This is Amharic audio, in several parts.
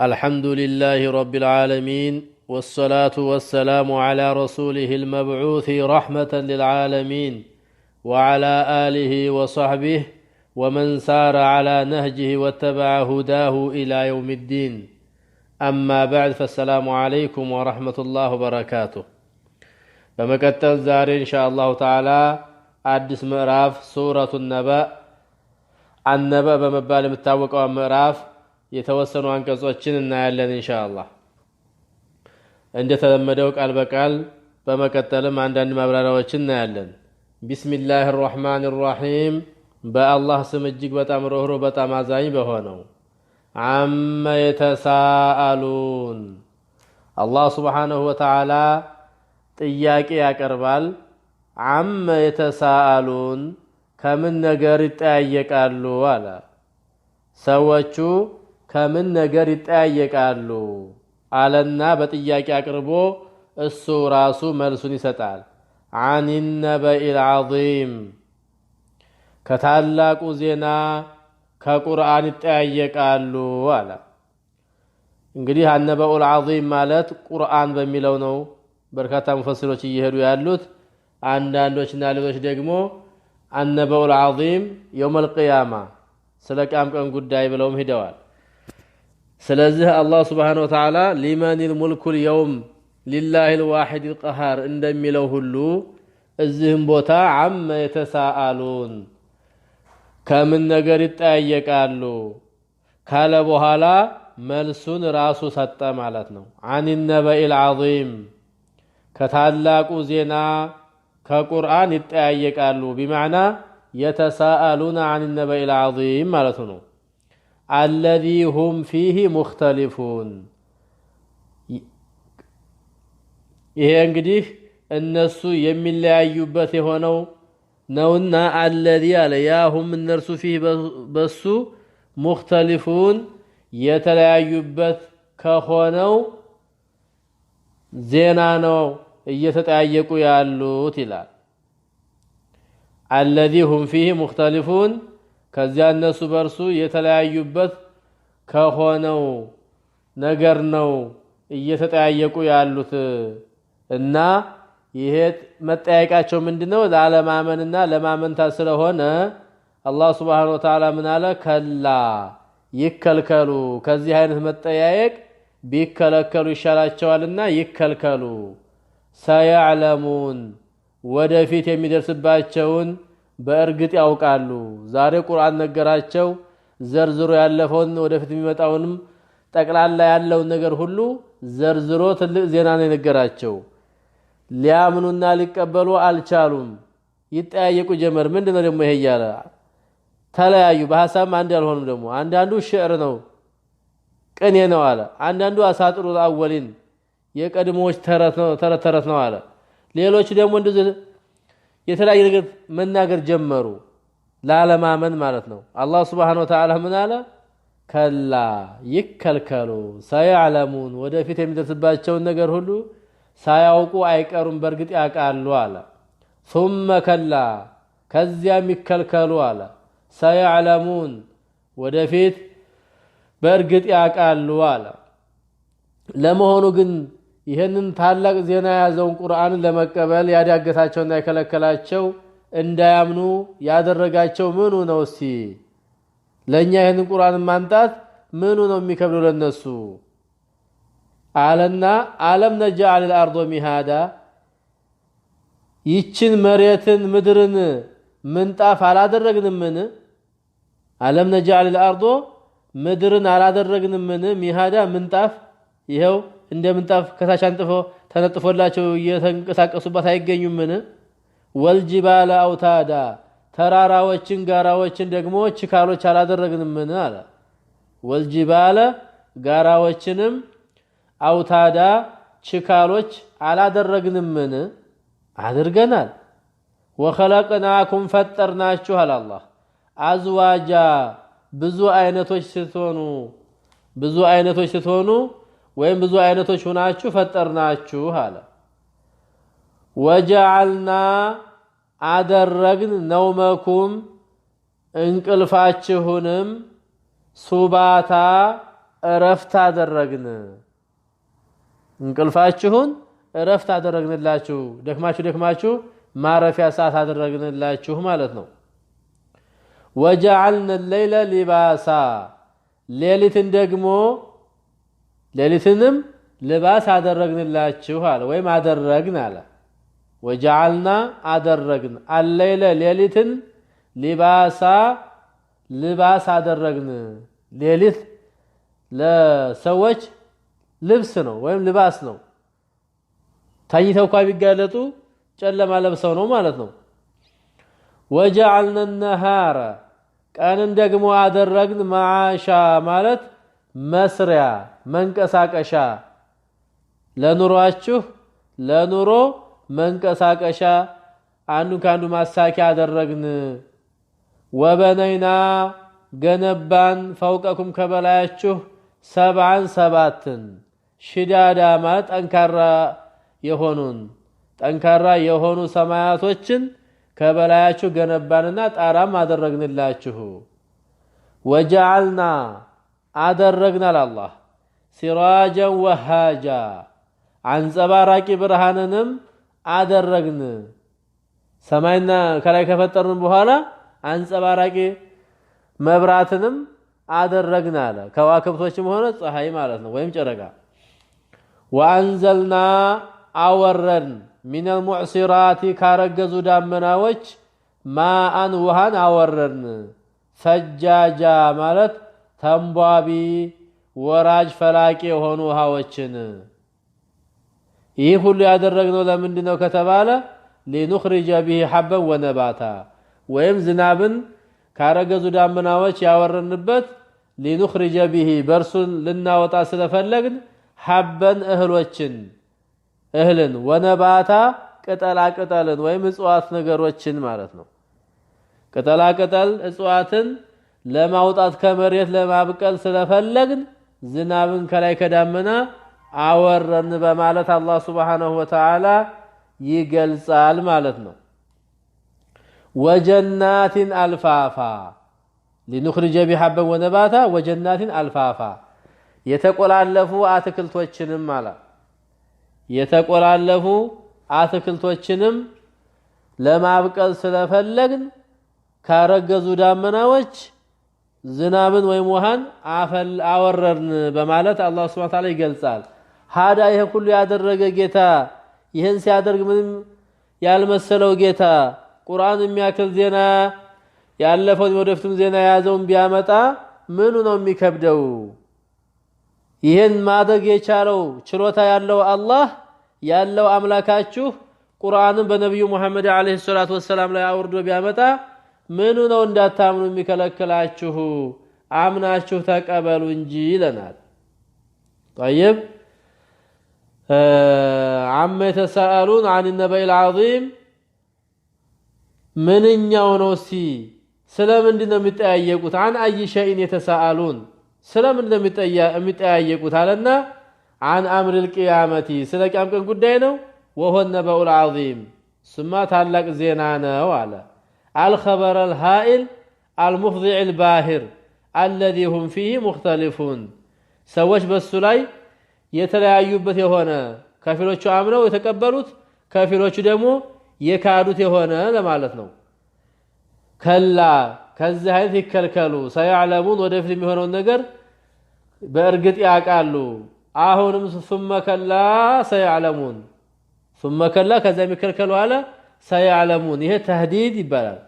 الحمد لله رب العالمين والصلاه والسلام على رسوله المبعوث رحمه للعالمين وعلى اله وصحبه ومن سار على نهجه واتبع هداه الى يوم الدين اما بعد فالسلام عليكم ورحمه الله وبركاته በመቀጠል ዛሬ እንሻ አላሁ ተዓላ አዲስ ምዕራፍ سورة النبأ النبأ በመባል የምታወቀው ምዕራፍ የተወሰኑ አንቀጾችን እናያለን ኢንሻአላህ። እንደተለመደው ቃል በቃል በመቀጠልም አንዳንድ ማብራሪያዎችን እናያለን። ቢስሚላህ ራህማን ራሒም በአላህ ስም እጅግ በጣም ርኅሩህ በጣም አዛኝ በሆነው አመ የተሳአሉን አላህ ሱብሓነሁ ወተዓላ ጥያቄ ያቀርባል። አመ የተሳአሉን ከምን ነገር ይጠያየቃሉ አለ ሰዎቹ ከምን ነገር ይጠያየቃሉ አለና በጥያቄ አቅርቦ እሱ ራሱ መልሱን ይሰጣል። አን ነበኢ ዓዚም ከታላቁ ዜና ከቁርአን ይጠያየቃሉ አለ። እንግዲህ አነበኡ ዓዚም ማለት ቁርአን በሚለው ነው በርካታ ሙፈሲሮች እየሄዱ ያሉት። አንዳንዶችና ሌሎች ደግሞ አነበኡ ዓዚም የውም ቅያማ ስለ ቃምቀን ቀን ጉዳይ ብለውም ሂደዋል። ስለዚህ አላህ ስብሓን ወተዓላ ሊመኒል ሙልኩል የውም ሊላሂ ልዋሒድ ልቀሃር እንደሚለው ሁሉ እዚህም ቦታ አመ የተሳአሉን ከምን ነገር ይጠያየቃሉ ካለ በኋላ መልሱን ራሱ ሰጠ ማለት ነው። አን ነበኢል ዓዚም ከታላቁ ዜና ከቁርአን ይጠያየቃሉ ቢማዕና የተሳአሉን አን ነበኢል ዓዚም ማለት ነው። አለዚ ሁም ፊህ ሙክተሊፉን ይሄ እንግዲህ እነሱ የሚለያዩበት የሆነው ነውና አለዚ አለ ያ እነርሱ ፊህ በሱ ሙክተሊፉን የተለያዩበት ከሆነው ዜና ነው እየተጠያየቁ ያሉት ይላል አለዚ ሁም ፊህ ሙክተሊፉን ከዚያ እነሱ በእርሱ የተለያዩበት ከሆነው ነገር ነው እየተጠያየቁ ያሉት እና ይሄ መጠያየቃቸው ምንድነው? ላለማመንና ለማመንታ ስለሆነ አላህ ሱብሓነሁ ወተዓላ ምን አለ? ከላ ይከልከሉ፣ ከዚህ አይነት መጠያየቅ ቢከለከሉ ይሻላቸዋልና ይከልከሉ። ሰያዕለሙን ወደፊት የሚደርስባቸውን በእርግጥ ያውቃሉ። ዛሬ ቁርአን ነገራቸው ዘርዝሮ ያለፈውን ወደፊት የሚመጣውንም ጠቅላላ ያለውን ነገር ሁሉ ዘርዝሮ ትልቅ ዜና ነው የነገራቸው። ሊያምኑና ሊቀበሉ አልቻሉም። ይጠያየቁ ጀመር። ምንድን ነው ደግሞ ይሄ እያለ ተለያዩ። በሀሳብም አንድ ያልሆኑም ደግሞ አንዳንዱ ሽዕር ነው ቅኔ ነው አለ። አንዳንዱ አሳጥሩ አወሊን የቀድሞዎች ተረት ተረት ነው አለ። ሌሎች ደግሞ እንደዚህ የተለያየ ነገር መናገር ጀመሩ። ላለማመን ማለት ነው። አላህ ስብሓነሁ ወተዓላ ምን አለ? ከላ ይከልከሉ ሰያዕለሙን ወደፊት የሚደርስባቸውን ነገር ሁሉ ሳያውቁ አይቀሩም፣ በእርግጥ ያውቃሉ አለ። ሱመ ከላ ከዚያም ይከልከሉ አለ። ሰያዕለሙን ወደፊት በእርግጥ ያውቃሉ አለ። ለመሆኑ ግን ይህንን ታላቅ ዜና የያዘውን ቁርአን ለመቀበል ያዳገታቸውና የከለከላቸው እንዳያምኑ ያደረጋቸው ምኑ ነው? እስቲ ለእኛ ይህንን ቁርአን ማምጣት ምኑ ነው የሚከብደው ለነሱ? አለና አለም ነጃል ልአርዶ ሚሃዳ ይችን መሬትን ምድርን ምንጣፍ አላደረግንምን? አለም ነጃል ልአርዶ ምድርን አላደረግንምን? ሚሃዳ ምንጣፍ ይኸው እንደ ምንጣፍ ከታች አንጥፎ ተነጥፎላቸው እየተንቀሳቀሱባት አይገኙምን? ወልጅባለ አውታዳ ተራራዎችን ጋራዎችን ደግሞ ችካሎች አላደረግንምን? አለ ወልጅባለ ጋራዎችንም አውታዳ ችካሎች አላደረግንምን? አድርገናል። ወኸለቅናኩም ፈጠርናችሁ አለ አላህ አዝዋጃ ብዙ አይነቶች ስትሆኑ ብዙ አይነቶች ስትሆኑ ወይም ብዙ አይነቶች ሆናችሁ ፈጠርናችሁ አለ። ወጀዐልና አደረግን ነውመኩም እንቅልፋችሁንም ሱባታ እረፍት አደረግን። እንቅልፋችሁን እረፍት አደረግንላችሁ። ደክማችሁ ደክማችሁ ማረፊያ ሰዓት አደረግንላችሁ ማለት ነው። ወጀዐልነ ሌይለ ሊባሳ ሌሊትን ደግሞ ሌሊትንም ልባስ አደረግንላችሁ አለ ወይም አደረግን አለ ወጀዓልና አደረግን አለይለ ሌሊትን ሊባሳ ልባስ አደረግን ሌሊት ለሰዎች ልብስ ነው ወይም ልባስ ነው ተኝተው እንኳ ቢጋለጡ ጨለማ ለብሰው ነው ማለት ነው ወጀዓልና ነሃረ ቀንን ደግሞ አደረግን መዓሻ ማለት መስሪያ መንቀሳቀሻ ለኑሯችሁ ለኑሮ መንቀሳቀሻ አንዱን ከአንዱ ማሳኪያ አደረግን። ወበነይና ገነባን ፈውቀኩም ከበላያችሁ ሰብዓን ሰባትን ሽዳዳማ ጠንካራ የሆኑን ጠንካራ የሆኑ ሰማያቶችን ከበላያችሁ ገነባንና ጣራም አደረግንላችሁ ወጀዓልና አደረግናል አላህ ሲራጀን ወሃጃ አንጸባራቂ ብርሃንንም አደረግን። ሰማይና ከላይ ከፈጠርን በኋላ አንጸባራቂ መብራትንም አደረግን አለ። ከዋክብቶችም ሆነ ፀሐይ ማለት ነው፣ ወይም ጨረቃ። ወአንዘልና አወረን ሚነል ሙዕሲራቲ ካረገዙ ዳመናዎች ማአን ውሃን አወረን። ፈጃጃ ማለት ተንቧቢ ወራጅ ፈላቂ የሆኑ ውሃዎችን። ይህ ሁሉ ያደረግነው ለምንድን ነው ከተባለ ሊኑኽሪጀ ቢሂ ሐበን ወነባታ ወይም ዝናብን ካረገዙ ዳመናዎች ያወረንበት ሊኑኽሪጀ ቢሂ በእርሱን ልናወጣ ስለፈለግን ሐበን እህሎችን እህልን ወነባታ ቅጠላ ቅጠልን ወይም እጽዋት ነገሮችን ማለት ነው። ቅጠላ ቅጠል እጽዋትን ለማውጣት ከመሬት ለማብቀል ስለፈለግን ዝናብን ከላይ ከዳመና አወረን በማለት አላህ ሱብሓነሁ ወተዓላ ይገልጻል ማለት ነው። ወጀናቲን አልፋፋ ሊኑክሪጀ ቢሐበን ወነባታ ወጀናቲን አልፋፋ የተቆላለፉ አትክልቶችንም አላ የተቆላለፉ አትክልቶችንም ለማብቀል ስለፈለግን ካረገዙ ዳመናዎች ዝናብን ወይም ውሃን አወረርን በማለት አላህ ሱብሓነሁ ወተዓላ ይገልጻል። ሀዳ ይሄ ሁሉ ያደረገ ጌታ ይህን ሲያደርግ ምንም ያልመሰለው ጌታ ቁርአን የሚያክል ዜና ያለፈውን ወደፊቱም ዜና የያዘውን ቢያመጣ ምኑ ነው የሚከብደው? ይህን ማድረግ የቻለው ችሎታ ያለው አላህ ያለው አምላካችሁ ቁርአንን በነቢዩ ሙሐመድ ዓለይሂ ሰላቱ ወሰላም ላይ አውርዶ ቢያመጣ ምኑ ነው እንዳታምኑ የሚከለክላችሁ? አምናችሁ ተቀበሉ እንጂ ይለናል። ጠይብ አመ የተሳአሉን አን ነበይ ልዓዚም ምንኛው ነው ሲ ስለ ምንድን ነው የሚጠያየቁት? አን አይ ሸይን የተሳአሉን ስለ ምንድን ነው የሚጠያየቁት አለና አን አምር ልቅያመቲ ስለ ቂያም ቀን ጉዳይ ነው። ወሆ ነበኡ ልዓዚም ስማ ታላቅ ዜና ነው አለ الخبر الهائل المفضع الباهر الذي هم فيه مختلفون سواش سوش بسلاي يتلايوبت يهونا كافلوچو امنو يتقبلوت كافلوچو دمو يكادوت يهونا لمالت نو كلا كذا هيت يكلكلوا سيعلمون ودفل ميهونو نغر بارغط ياقالو اهونم ثم كلا سيعلمون ثم كلا كذا ميكلكلوا عليه ሰያዕለሙን ይሄ ተህዲድ ይባላል።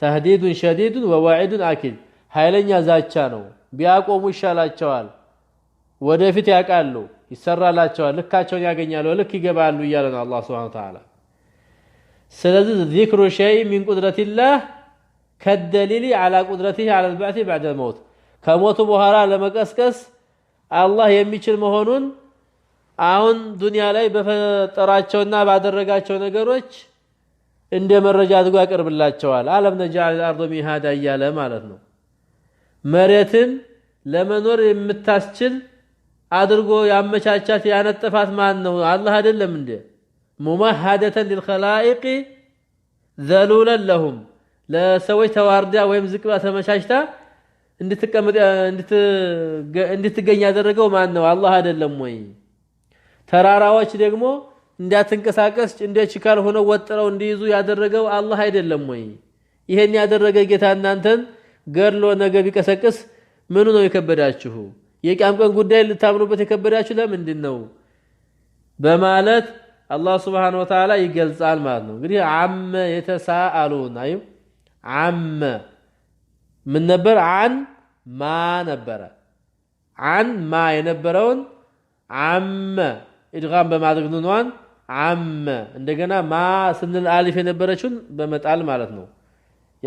ተህዲዱን ሸዲዱን ወዋዒዱን አኪድ ኃይለኛ ዛቻ ነው። ቢያቆሙ ይሻላቸዋል፣ ወደፊት ያውቃሉ፣ ይሰራላቸዋል፣ ልካቸውን ያገኛሉ፣ ልክ ይገባሉ እያለ ነው አላህ ሱብሓነሁ ወተዓላ። ስለዚህ ዚክሩ ሸይ ሚን ቁድረቲላህ ከደሊሊ ዓላ ቁድረቲህ ዓላ ልባዕቲ ባዕደል መውት ከሞቱ በኋላ ለመቀስቀስ አላህ የሚችል መሆኑን አሁን ዱንያ ላይ በፈጠራቸውና ባደረጋቸው ነገሮች እንደ መረጃ አድርጎ ያቀርብላቸዋል። አለም ነጃል አርዶ ሚሃዳ እያለ ማለት ነው። መሬትን ለመኖር የምታስችል አድርጎ ያመቻቻት ያነጠፋት ማን ነው? አላህ አይደለም እንዴ? ሙመሃደተን ሊልኸላኢቂ ዘሉለን ለሁም ለሰዎች ተዋርዳ ወይም ዝቅባ ተመቻችታ እንድትገኝ ያደረገው ማን ነው? አላህ አይደለም ወይ? ተራራዎች ደግሞ እንዳትንቀሳቀስ እንደ ችካል ሆነው ወጥረው እንዲይዙ ያደረገው አላህ አይደለም ወይ? ይሄን ያደረገ ጌታ እናንተን ገድሎ ነገ ቢቀሰቅስ ምኑ ነው የከበዳችሁ? የቂያም ቀን ጉዳይ ልታምኑበት የከበዳችሁ ለምንድን ነው? በማለት አላህ ሱብሓነሁ ወተዓላ ይገልጻል ማለት ነው። እንግዲህ አመ የተሳአሉን አይ አመ ምን ነበር? አን ማ ነበረ። አን ማ የነበረውን አመ ኢድጋም በማድረግ ንኗን አመ እንደገና ማ ስንል አሊፍ የነበረችውን በመጣል ማለት ነው።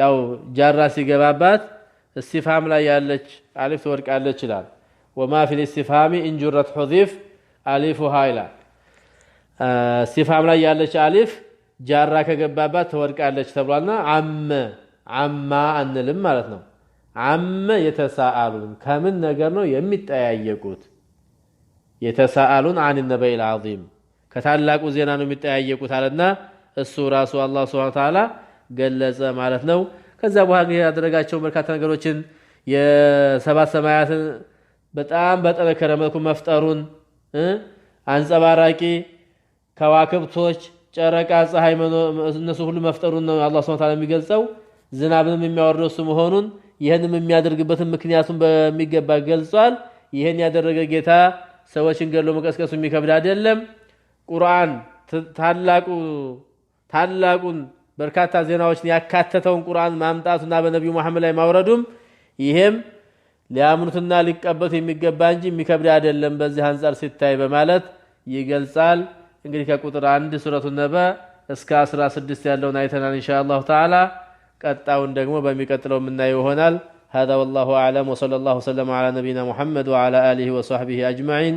ያው ጃራ ሲገባባት እስቲፍሃም ላይ ያለች አሊፍ ትወድቃለች ይላል። ወማ ፊል እስቲፍሃሚ እንጁረት ሑዚፍ አሊፉሃ ይላል። እስቲፍሃም ላይ ያለች አሊፍ ጃራ ከገባባት ትወድቃለች ተብሏልና አመ አማ አንልም ማለት ነው። አመ የተሳአሉን ከምን ነገር ነው የሚጠያየቁት? የተሳአሉን አን ነበኢል ዓዚም ከታላቁ ዜና ነው የሚጠያየቁት አለና እሱ ራሱ አላህ ሱብሓነሁ ወተዓላ ገለጸ ማለት ነው። ከዛ በኋላ እንግዲህ ያደረጋቸው በርካታ ነገሮችን የሰባት ሰማያትን በጣም በጠነከረ መልኩ መፍጠሩን አንጸባራቂ ከዋክብቶች፣ ጨረቃ፣ ፀሐይ እነሱ ሁሉ መፍጠሩን ነው አላህ ሱብሓነሁ ወተዓላ የሚገልጸው። ዝናብንም የሚያወርደው እሱ መሆኑን ይህንም የሚያደርግበትን ምክንያቱን በሚገባ ገልጿል። ይህን ያደረገ ጌታ ሰዎችን ገሎ መቀስቀሱ የሚከብድ አይደለም። ቁርአን ታላቁ ታላቁን በርካታ ዜናዎችን ያካተተውን ቁርአን ማምጣቱና በነቢዩ መሐመድ ላይ ማውረዱም ይሄም ሊያምኑትና ሊቀበቱ የሚገባ እንጂ የሚከብድ አይደለም በዚህ አንጻር ሲታይ በማለት ይገልጻል። እንግዲህ ከቁጥር አንድ ሱረቱ ነበ እስከ ስድስት ያለውን አይተናል። አላሁ ተዓላ ቀጣውን ደግሞ በሚቀጥለው የምናየው ይሆናል። ሀዛ ወላሁ أعلم وصلى ላሁ ሰለም على نبينا ሙሐመድ وعلى አሊህ وصحبه አጅማዒን።